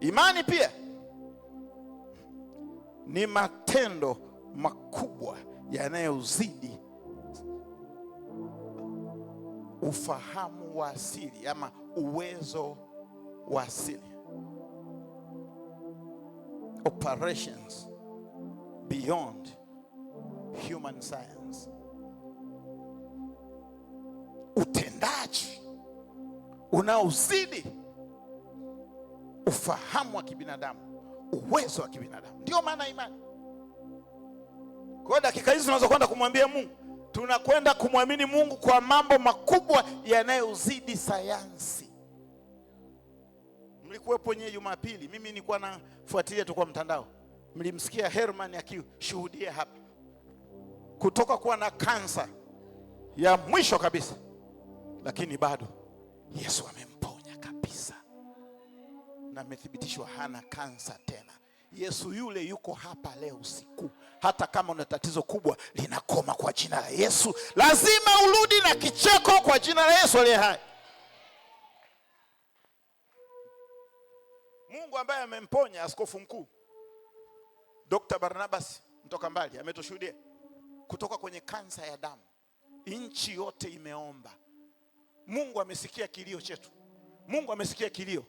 Imani pia ni matendo makubwa yanayozidi ufahamu wa asili ama uwezo wa asili, operations beyond human science, utendaji unaozidi ufahamu wa kibinadamu, uwezo wa kibinadamu. Ndio maana imani. Kwa hiyo dakika hizi tunazokwenda kumwambia Mungu, tunakwenda kumwamini Mungu kwa mambo makubwa yanayozidi sayansi. Mlikuwepo nyewe Jumapili, mimi nilikuwa nafuatilia tu kwa mtandao, mlimsikia Herman akishuhudia hapa kutoka kuwa na kansa ya mwisho kabisa, lakini bado Yesu ame na amethibitishwa hana kansa tena. Yesu yule yuko hapa leo usiku, hata kama una tatizo kubwa linakoma kwa jina la Yesu. Lazima urudi na kicheko kwa jina la Yesu aliye hai. Mungu ambaye amemponya askofu mkuu Dr. Barnabas mtoka mbali ametoshuhudia kutoka kwenye kansa ya damu. Nchi yote imeomba. Mungu amesikia kilio chetu. Mungu amesikia kilio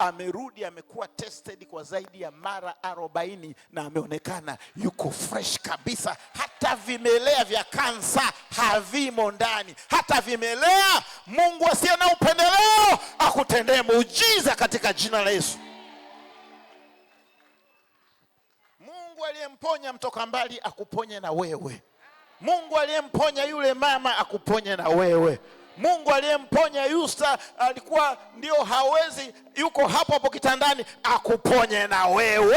amerudi, amekuwa tested kwa zaidi ya mara arobaini na ameonekana yuko fresh kabisa, hata vimelea vya kansa havimo ndani, hata vimelea. Mungu asiye na upendeleo akutendee muujiza katika jina la Yesu. Mungu aliyemponya mtoka mbali akuponye na wewe. Mungu aliyemponya yule mama akuponye na wewe. Mungu aliyemponya Yusta alikuwa ndio hawezi, yuko hapo hapo kitandani, akuponye na wewe.